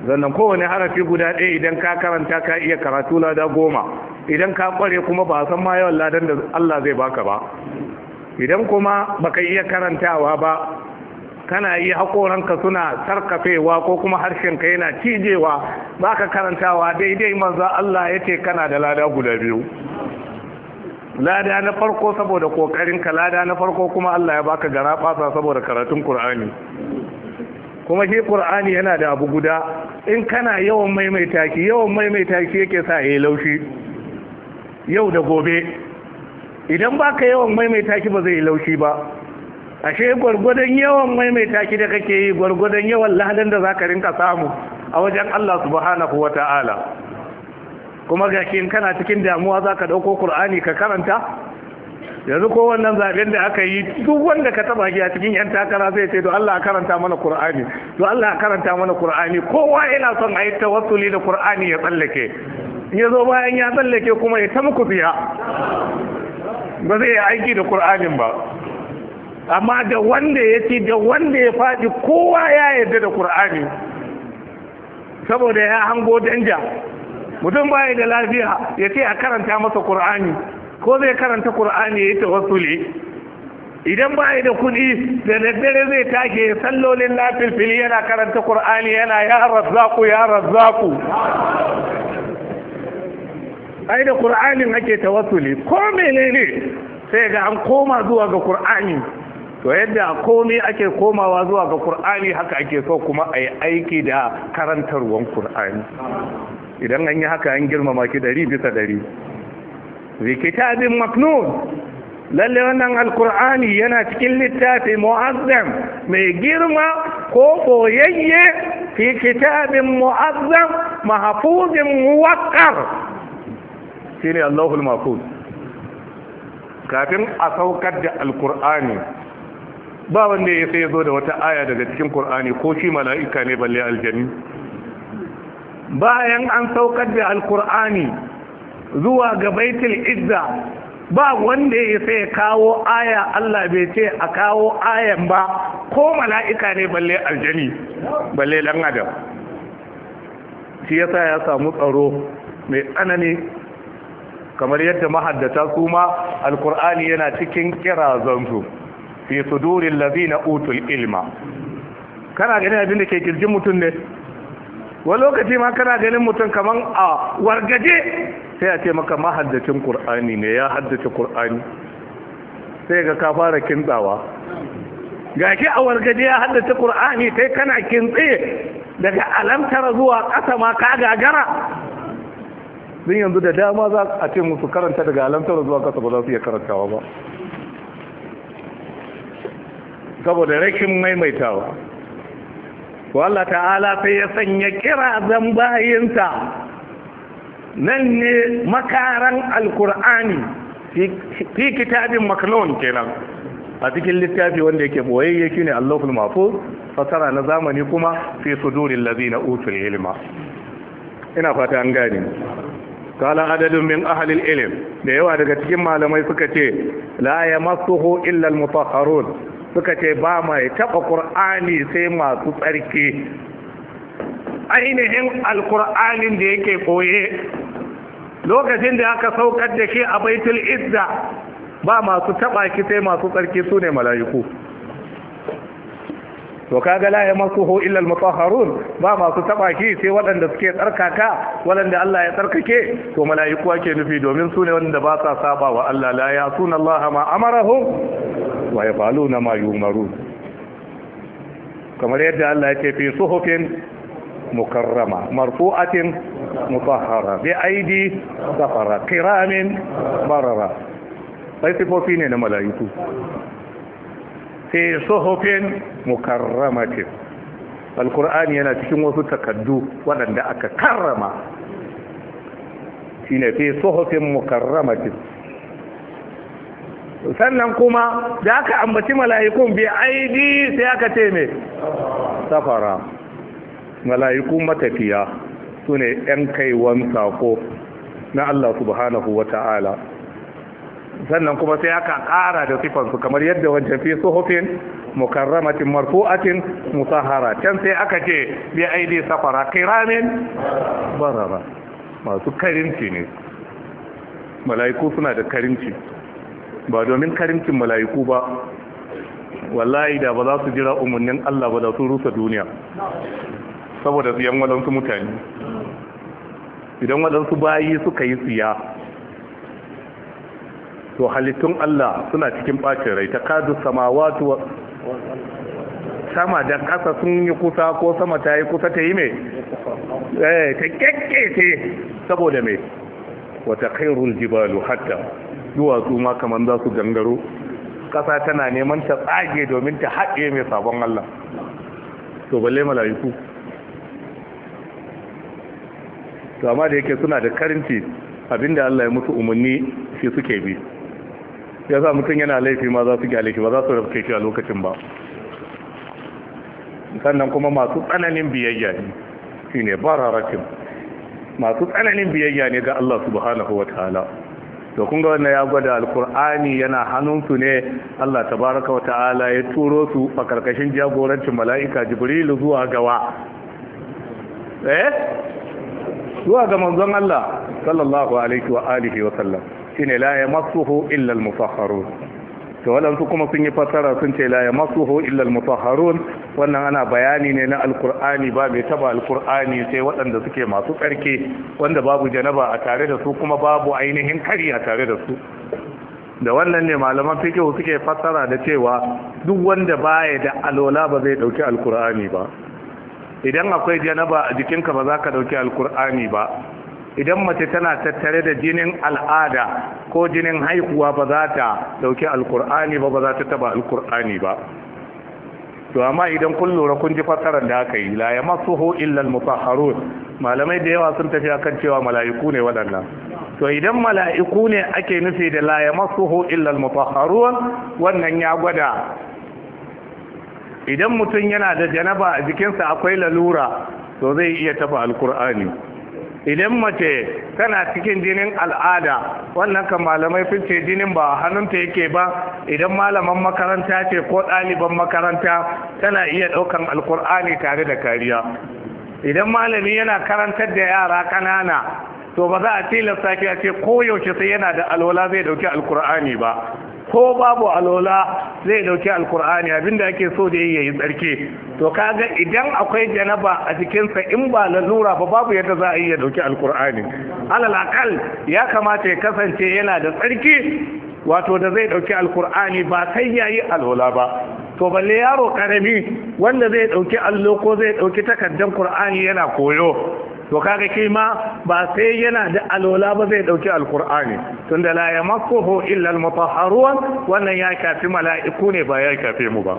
zannan kowane harafi guda ɗaya idan ka karanta ka iya karatu lada goma idan ka kware kuma ba san ma yawan ladan da Allah zai baka ba idan kuma baka iya karantawa ba kana yi hakoranka suna sarkafewa ko kuma harshenka yana cijewa ba ka karantawa daidai manzan Allah ya ce kana da lada guda biyu lada na farko saboda ƙoƙarinka lada na farko kuma Allah ya baka gara fasa saboda karatun Kur'ani kuma shi Kur'ani yana da abu guda in kana yawan maimaita ki yawan maimaita ki yake sa yayi laushi yau da gobe idan baka yawan maimaita ki ba zai yi laushi ba ashe gwargwadon yawan maimaita ki da kake yi gwargwadon yawan ladan da zaka rinka samu a wajen Allah subhanahu ta'ala kuma ga in kana cikin damuwa zaka dauko Qur'ani ka karanta yanzu ko wannan zaben da aka yi duk wanda ka taba a cikin yan takara zai ce to Allah ya karanta mana Qur'ani to Allah ya karanta mana Qur'ani kowa yana son ayi tawassuli da Qur'ani ya tsallake in yazo bayan ya tsallake kuma ya tamku biya ba zai yi aiki da Qur'anin ba amma da wanda ya ce da wanda ya faɗi kowa ya yarda da ƙur'ani saboda ya hango danja mutum baya da lafiya ya ce a karanta masa ƙur'ani ko zai karanta ƙur'ani ya yi ta wasu le, idan baya da kuɗi da daddare zai take sallolin lafilfili yana karanta ƙur'ani yana ya razzaku ya razzaku ai da ƙur'anin ake ta wasu le ko menene sai ga an koma zuwa ga ƙur'ani to yadda komai ake komawa zuwa ga Kur'ani haka ake so kuma a yi aiki da karantarwan Kur'ani idan an yi haka an girmama ki dari bisa dari zikitabin maknun lalle wannan alkur'ani yana cikin littafi mu'azzam mai girma ko boyayye fi kitabin mu'azzam mahfuzin muwaqqar shine Allahul mafuz kafin a saukar da alkur'ani ba wanda ya sai ya zo da wata aya daga cikin Kur'ani ko shi mala'ika ne balle aljani bayan an saukar da alkur'ani zuwa ga baitul izza ba wanda ya sai kawo aya Allah bai ce a kawo ayan ba ko mala'ika ne balle aljani balle dan adam shi yasa ya samu tsaro mai tsanani kamar yadda mahaddata su ma alkur'ani yana cikin kirazansu fi sudurin lazina utul ilma kana ganin abin da ke kirjin mutum ne wani lokaci ma kana ganin mutum kaman a wargaje sai a ce maka mahaddacin Kur'ani ne ya haddace Kur'ani. sai ga ka fara kintsawa ga ke a wargaje ya haddace Kur'ani sai kana kintse daga alamtara zuwa ƙasa ma ka gagara din yanzu da dama za a ce musu karanta daga alamtara zuwa ƙasa ba za su iya karantawa ba saboda rashin maimaitawa Allah ta'ala sai ya sanya kira zan bayinsa nan ne makaran alkur'ani fi kitabin maklon kenan a cikin littafi wanda yake boyayye shine Allahul Mahfuz fasara na zamani kuma fi sudurin lazina utul ilma ina fata an gane kala adadin min ahalil ilim da yawa daga cikin malamai suka ce la yamassuhu illa al suka ce ba mai taɓa ƙur'ani sai masu tsarki ainihin alƙur'anin da yake koye lokacin da aka saukar da shi a baitul izza ba masu taɓa ki sai masu tsarki su ne mala'iku to kaga la yamassuhu illa al-mutahharun ba masu taba ki sai waɗanda suke tsarkaka waɗanda Allah ya tsarkake to mala'iku ake nufi domin su ne waɗanda ba sa saba wa Allah la yasuna Allah ma amarahum wa yafaluna ma yumarun kamar yadda Allah ya ce fi suhufin mukarrama marfu'atin mutahhara bi aidi safara kiramin barara sai sifofi ne na mala'iku fi sohofin mukarramatin alkur'ani yana cikin wasu takaddu waɗanda aka karrama shine fi sohofin mukarramatin sannan kuma da aka ambaci mala'ikun bi aidi sai aka ce mai safara mala'ikun matafiya su ne ‘yan kaiwan sako na Allah subhanahu wa ta'ala sannan kuma sai aka ƙara da sifansu kamar yadda wancan fi suhufin mukarramatin marfu'atin musahara can sai aka ce bi aidi safara kiramin barara masu karimci ne mala'iku suna da karinci ba domin karincin mala'iku ba wallahi da ba za su jira umarnin Allah ba da su rusa duniya saboda yan waɗansu mutane idan waɗansu bayi suka yi siya. to halittun Allah suna cikin bacin rai ta kadu samawatu sama da kasa sun yi kusa ko sama ta yi kusa ta yi mai eh ta saboda mai wata kairun jibalu hatta duwatsu ma kaman za su gangaro ƙasa tana neman ta tsage domin ta haɗe mai sabon Allah to balle mala'iku to amma da yake suna da karinci abinda Allah ya musu umarni shi suke bi ya za mutum yana laifi ma za su gyale shi ba za su rafke shi a lokacin ba sannan kuma masu tsananin biyayya ne shi ne ba bararakin masu tsananin biyayya ne ga Allah subhanahu wa ta'ala to kun ga wannan ya gwada alkur'ani yana hannunsu ne Allah tabaraka wa ta'ala ya turo su a karkashin jagorancin mala'ika jibrilu zuwa gawa eh zuwa ga manzon Allah sallallahu alaihi wa alihi wa sallam shine la masuhu illa al-mutahharun to waɗansu kuma sun yi fassara sun ce la masuhu illa al-mutahharun wannan ana bayani ne na alkur'ani ba bai taba alkur'ani sai waɗanda suke masu tsarki wanda babu janaba a tare da su kuma babu ainihin kari a tare da su da wannan ne malaman fiqh suke fassara da cewa duk wanda baya da alola ba zai dauki alkur'ani ba idan akwai janaba a jikinka ba za ka dauki alkur'ani ba idan mace tana tattare da jinin al'ada ko jinin haihuwa ba za ta dauki alkur'ani ba ba za ta taba alkur'ani ba to amma idan kun lura kun ji fasarar da aka yi la yamassuhu illa almutahharun malamai da yawa sun tafi akan cewa mala'iku ne waɗannan to idan mala'iku ne ake nufi da la yamassuhu illa almutahharun wannan ya gwada idan mutum yana da janaba a jikinsa akwai lalura to zai iya taba alkur'ani idan mace tana cikin jinin al'ada wannan kan malamai sun ce jinin ba hannunta yake ba idan malaman makaranta ce ko ɗaliban makaranta tana iya ɗaukan alkur'ani tare da kariya idan malami yana karantar da yara ƙanana to ba za a tilasta ki a ce koyaushe sai yana da alwala zai ɗauki alkur'ani ba ko babu alola zai dauki alkur'ani abinda ake so da yayi tsarki to kaga idan akwai janaba a jikinsa in ba lalura ba babu yadda za a yi ya dauki alkur'ani alal akal ya kamata ya kasance yana da tsarki wato da zai dauki alkur'ani ba sai yayi alola ba to balle yaro karami wanda zai dauki allo ko zai dauki takardar qur'ani yana koyo to kaga ma ba sai yana da alola ba zai dauki alkur'ani tunda la yamassuhu illa almutahharun wannan ya kafi mala'iku ne ba ya kafe mu ba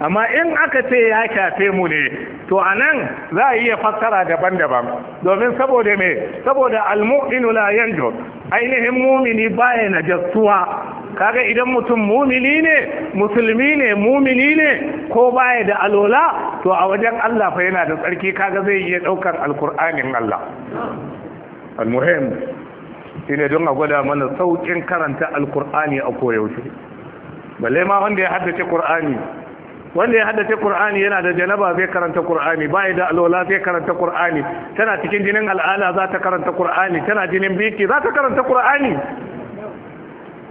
amma in aka ce ya shafe mu ne to anan za a iya fassara daban-daban domin saboda me saboda almu'minu la yanjur ainihin mumini baya na najassuwa kaga idan mutum mumini ne musulmi ne mumini ne ko baya da alola to a wajen Allah fa yana da tsarki kaga zai iya daukar alkur'anin Allah almuhim shine don a gwada mana saukin karanta alkur'ani a koyaushe balle ma wanda ya haddace qur'ani wanda ya haddace Qur'ani yana da janaba zai karanta Qur'ani bai da alwala zai karanta Qur'ani tana cikin jinin al'ada za ta karanta Qur'ani tana jinin biki za ta karanta Qur'ani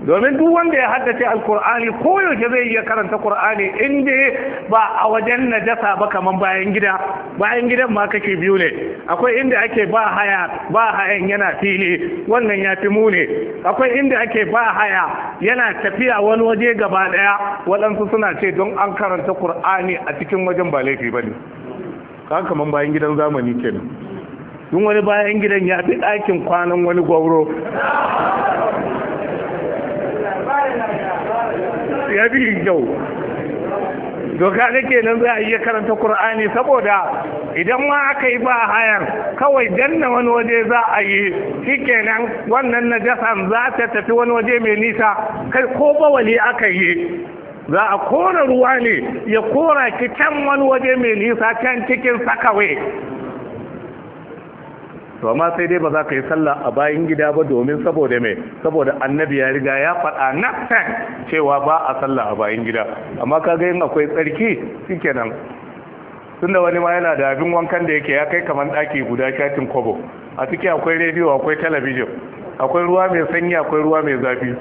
domin duk wanda ya haddace alkur'ani koyaushe zai iya karanta kur'ani in dai ba a wajen najasa ba kamar bayan gida bayan gidan ma kake biyu ne akwai inda ake ba haya ba hayan yana fili wannan ya fi mune akwai inda ake ba haya yana tafiya wani waje gaba daya waɗansu suna ce don an karanta kur'ani a cikin wajen ba laifi ba ne kaman bayan gidan zamani kenan duk wani bayan gidan ya fi ɗakin kwanan wani gwauro ya bi kyau doka ke nan za a iya karanta Kur'ani saboda idan ma aka yi ba a hayar kawai danna wani waje za a yi shi kenan wannan na najasan za ta tafi wani waje mai nisa kai ko bawali aka yi za a kora ruwa ne ya kora ki can wani waje mai nisa can cikin sakawai. to amma sai dai ba za ka yi sallah a bayan gida ba domin saboda mai saboda annabi ya riga ya faɗa na cewa ba a sallah a bayan gida amma ka ga yin akwai tsarki Tun da wani ma yana da abin wankan da yake ya kai kamar ɗaki guda shatin kobo a ciki akwai rediyo akwai talabijin akwai ruwa mai sanyi akwai ruwa mai zafi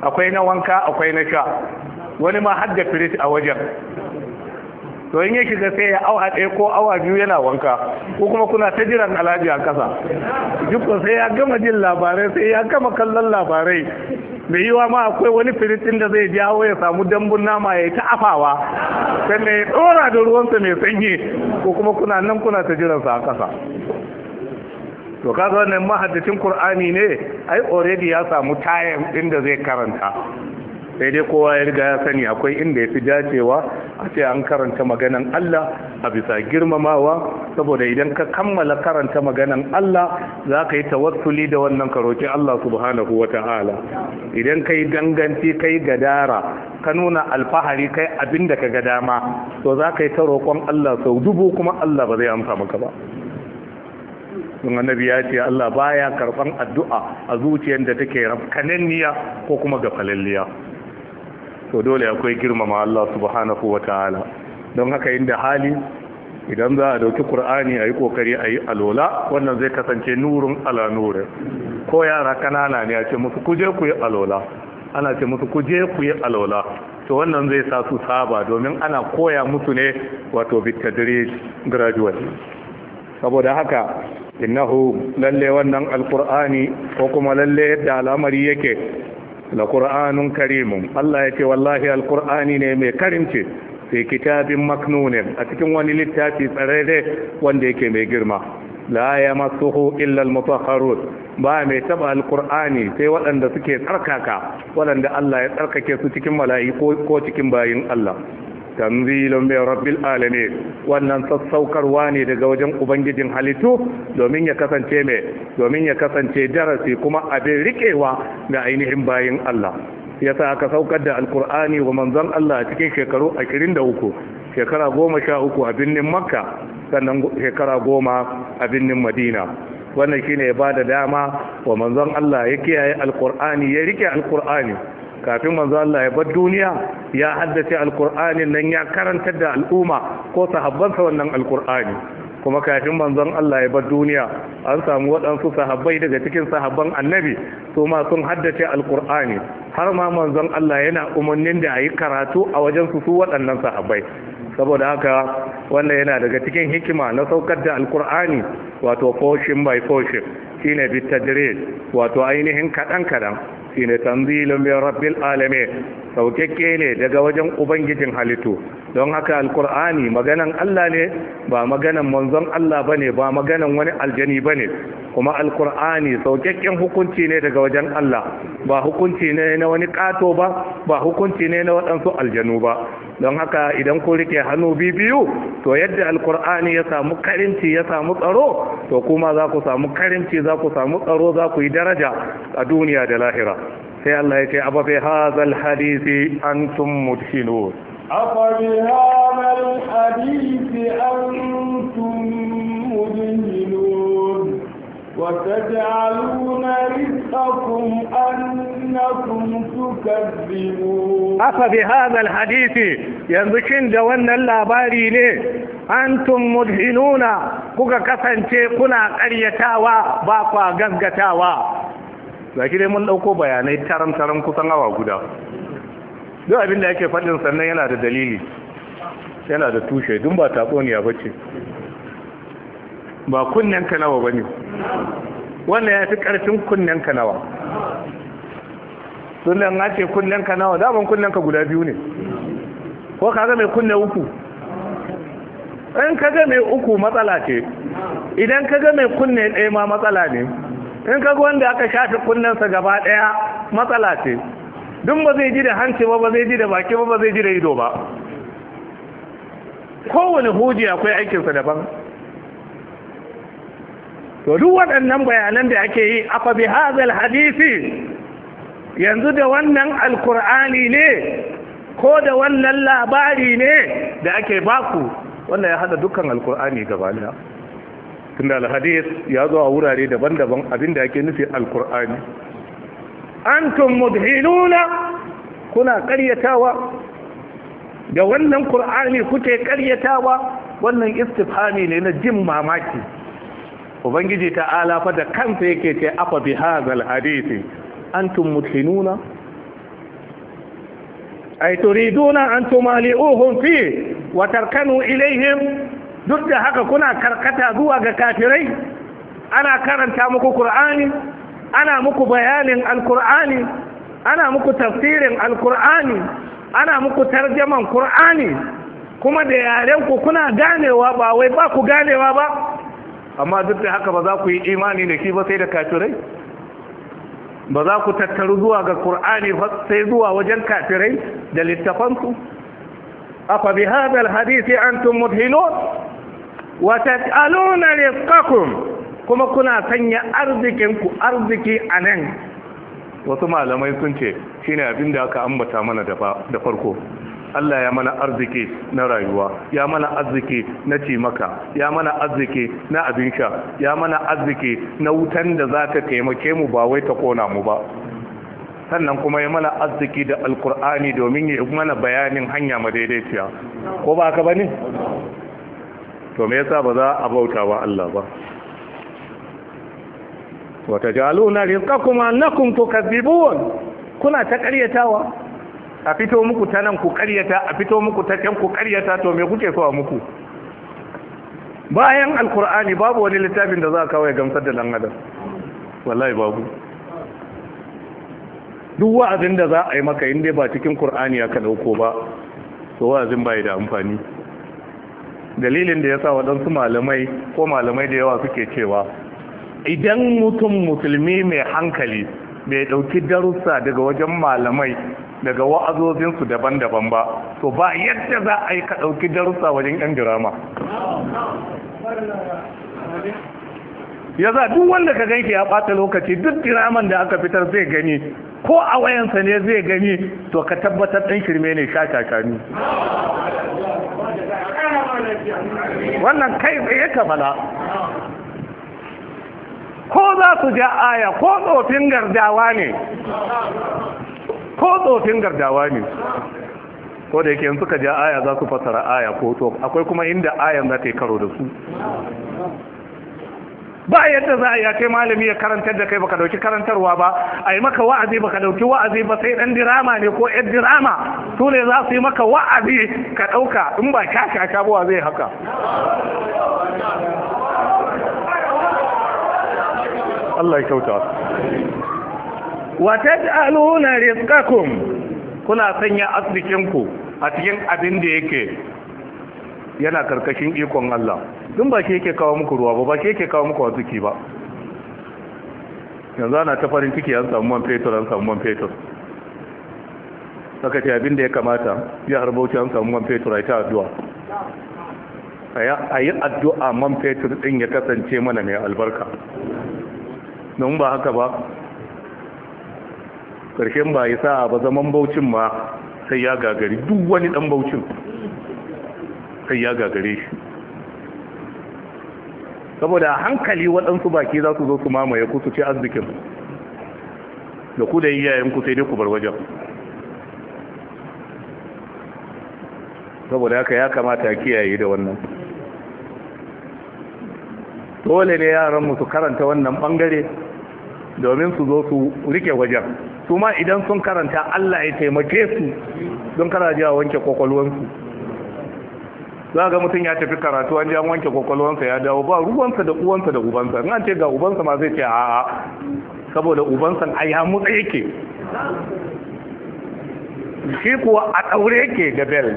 akwai na wanka akwai na sha wani ma har da a wajen to in ya shiga sai ya awa ɗaya ko awa biyu yana wanka ko kuma kuna ta jiran alhaji a ƙasa duk sai ya gama jin labarai sai ya gama kallon labarai mai yiwa ma akwai wani firitin da zai jawo ya samu dambun nama ya yi ta afawa sannan ya ɗora da ruwansa mai sanyi ko kuma kuna nan kuna ta jiransa a ƙasa to kaga wannan mahaddacin qur'ani ne ai already ya samu tayin din da zai karanta sai dai kowa ya riga ya sani akwai inda ya fi dacewa a ce an karanta maganan Allah a bisa girmamawa saboda idan ka kammala karanta maganan Allah za ka yi tawassuli da wannan karoki Allah subhanahu wa ta'ala idan ka yi danganci ka yi gadara ka nuna alfahari kai abin da ka ga dama to za ka yi ta roƙon Allah sau dubu kuma Allah ba zai amsa maka ba sun annabi ya ce Allah baya karɓan addu'a a zuciyar da take rafkananniya ko kuma ga gafalalliya to dole akwai girmama Allah subhanahu wa ta'ala don haka inda hali idan za a dauki qur'ani ayi kokari ayi alola wannan zai kasance nurun ala nure ko yara kanana ne a ce musu kuje ku yi alola ana ce musu kuje ku yi alola to wannan zai sa su saba domin ana koya musu ne wato bitadrij graduate saboda haka innahu lalle wannan alqur'ani ko kuma lalle yadda al'amari yake la qur'anun karimun Allah ce wallahi Al-Kur'ani ne mai karimce fi kitabin maknunin a cikin wani littafi tsararre wanda yake mai girma la ya masuhu illal almutahharun ba mai taba alqur'ani sai waɗanda suke tsarkaka waɗanda Allah ya tsarkake su cikin mala'iku ko cikin bayin Allah tanzilun min rabbil alame wannan sassaukarwa ne daga wajen ubangijin halittu domin ya kasance mai domin ya kasance darasi kuma abin rikewa ga ainihin bayin Allah yasa aka saukar da alkur'ani wa manzon Allah a cikin shekaru 23 shekara 13 a binnin makka sannan shekara 10 a binnin madina wannan shine ya bada dama wa manzon Allah ya kiyaye alkur'ani ya rike alkur'ani kafin manzo Allah ya bar duniya ya haddace alqur'ani nan ya karantar da al'umma ko sahabbansa wannan alqur'ani kuma kafin manzon Allah ya bar duniya an samu waɗansu sahabbai daga cikin sahabban annabi su ma sun haddace alqur'ani har ma manzon Allah yana umarnin da ayi karatu a wajen su su waɗannan sahabbai saboda haka wannan yana daga cikin hikima na saukar da alkur'ani wato portion by portion shine bitadrid wato ainihin kadan kadan shine tanzilun min rabbil alamin saukakke ne daga wajen ubangijin halittu don haka alkur'ani maganan Allah ne ba maganan manzon Allah bane ba maganan wani aljani bane kuma alkur'ani saukakken hukunci ne daga wajen Allah ba hukunci ne na wani kato ba ba hukunci ne na waɗansu aljanu ba don haka idan ku rike hannu biyu to yadda alkur'ani ya samu karinci ya samu tsaro to kuma za ku samu karinci za ku samu tsaro za ku yi daraja a duniya da lahira sai Allah ya ce abu fi hadhal hadisi antum mudhinun afa bi hadhal hadisi antum mudhinun wa taj'aluna rizqakum an أنكم تكذبون أفبهذا الحديث ينذكين دوانا اللاباري ليه أنتم مدهنون كوكا كفن تيقنا قريتاوا باقوا قزقتاوا لكن من ɗauko bayanai taram-taram kusan awa guda duk abin da yake faɗin sannan yana da dalili yana da tushe dun ba tatsuniya ba ce ba kunnen kanawa ba ne wannan ya fi ƙarfin kunnen kanawa tun na ce kunnen ka nawa daman kunnen ka guda biyu ne ko ka ga mai kunne uku in ka ga mai uku matsala ce idan ka ga mai kunne ɗaya ma matsala ne in ka ga wanda aka shafi kunnensa gaba ɗaya matsala ce duk ba zai ji da hanci ba ba zai ji da baki ba ba zai ji da ido ba kowane huji akwai aikinsa daban to duk waɗannan bayanan da ake yi afa bi hadal hadisi yanzu da wannan alkur'ani ne ko da wannan labari ne da ake baku wannan ya hada dukkan alkur'ani gabanin tunda alhadis ya zo a wurare daban-daban abinda ake nufi alkur'ani antum mudhiluna kuna karyatawa da wannan kur'ani kuke karyatawa wannan istifhami ne na jin mamaki ubangiji ta'ala fa da kansa yake ce afa bi hadal hadisi antum mudhinuna ay turiduna an tumali'uhum fi wa tarkanu ilayhim duk da haka kuna karkata zuwa ga kafirai ana karanta muku qur'ani ana muku bayanin alqur'ani ana muku tafsirin alqur'ani ana muku tarjaman qur'ani kuma da yaren ku kuna ganewa ba wai ba ku ganewa ba amma duk da haka ba za ku yi imani da shi ba sai da kafirai ba za ku tattaru zuwa ga Kur'ani sai zuwa wajen kafirai da littafansu afa bi hadal hadisi antum mudhinun wa tas'aluna rizqakum kuma kuna sanya arzikin ku arziki anan wasu malamai sun ce shine abinda aka ambata mana da farko Allah ya mana arziki na rayuwa ya mana arziki na cimaka ya mana arziki na abin sha ya mana arziki na wutan da za ka taimake mu ba wai ta kona mu ba sannan kuma ya mana arziki da alkur'ani domin ya mana bayanin hanya madaidaiciya ko ba ka bane to me yasa ba za a bauta wa Allah ba wata jaluna rizqakum annakum tukadzibun kuna ta ƙaryatawa a fito muku ta nan ku karyata a fito muku ta can ku karyata to me kuke so a muku bayan alkur'ani babu wani littafin da za a kawai gamsar da dan adam wallahi babu duk wa'azin da za a yi maka inda ba cikin kur'ani aka dauko ba to wa'azin bai da amfani dalilin da ya sa waɗansu malamai ko malamai da yawa suke cewa idan mutum musulmi mai hankali bai ɗauki darussa daga wajen malamai daga wa'azozinsu daban-daban ba to ba yadda za a yi ka ɗauki darussa wajen yan dirama ya za duk wanda ka ganke ya ɓata lokaci duk diraman da aka fitar zai gani ko a wayansa ne zai gani to ka tabbatar ɗan shirme ne sha shakani wannan kai tsaye ka ko za su ja aya ko tsofin gardawa ne ko tsofin gardawa ne ko da yake yanzu ja aya za su fasara aya ko to akwai kuma inda Aya za ta yi karo da su ba yadda za a yi kai malami ya karantar da kai baka dauki karantarwa ba a yi maka wa'azi baka dauki wa'azi ba sai dan dirama ne ko yan dirama su ne za su yi maka wa'azi ka ɗauka in ba ka shaka ba zai haka Allah ya kyauta wa taj'aluna rizqakum kuna sanya arzikinku a cikin abin da yake yana karkashin ikon Allah dun ba shi yake kawo muku ruwa ba ba shi yake kawo muku arziki ba yanzu ana ta farin ciki an samu man fetur an samu man fetur saka ce abin da ya kamata ya harbauci an samu man fetur a ta addu'a a yi addu'a man fetur din ya kasance mana mai albarka don ba haka ba ƙarshen ba ya sa ba zaman baucin ma sai ya gagari duk wani ɗan baucin sai ya gagare shi saboda hankali waɗansu baki za su zo su mamaye ku su ce arzikin da ku da iyayenku sai dai ku bar wajen saboda haka ya kamata a kiyaye da wannan dole ne yaran su karanta wannan bangare domin su zo su rike wajen su ma idan sun karanta Allah ya taimake su don kana jiya a wanke kwakwalwansu za ga mutum ya tafi karatu an ji an wanke kwakwalwansa ya dawo ba ruwansa da uwansa da ubansa in an ce ga ubansa ma zai ce a'a saboda ubansa a ya mutsa yake shi kuwa a ɗaure yake da bel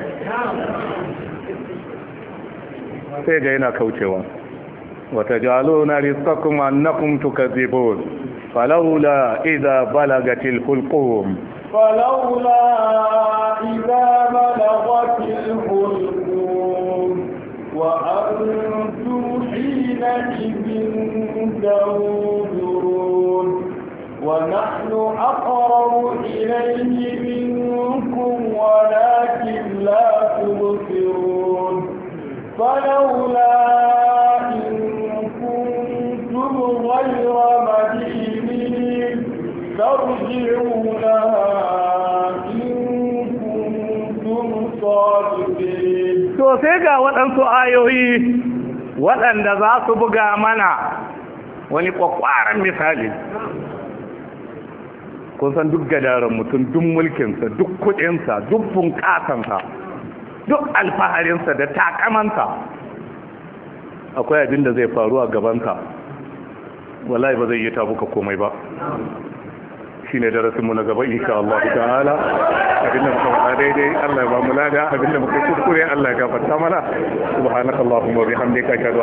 sai ga yana kaucewa wata jalo na riskakun annakun tukazibon فلولا إذا بلغت الحلقوم فلولا إذا بلغت الحلقوم وأنتم حين تنظرون ونحن أقرب إليه منكم ولكن لا تبصرون فلولا إن كنتم غير مدينين To sai ga waɗansu ayoyi waɗanda za su buga mana wani ƙwaƙwaran misali. Kun san duk gadaran mutum, duk mulkinsa, duk kuɗinsa, duk bunƙasansa, duk alfaharinsa da takamansa. Akwai abin da zai faru a gabansa, wallahi ba zai yi tabuka komai ba. shine darasin mu na gaba insha Allah ta'ala abinda muka faɗa daidai Allah ya ba mu lada abinda muka kuskure Allah ya gafarta mana subhanakallahumma bihamdika ashhadu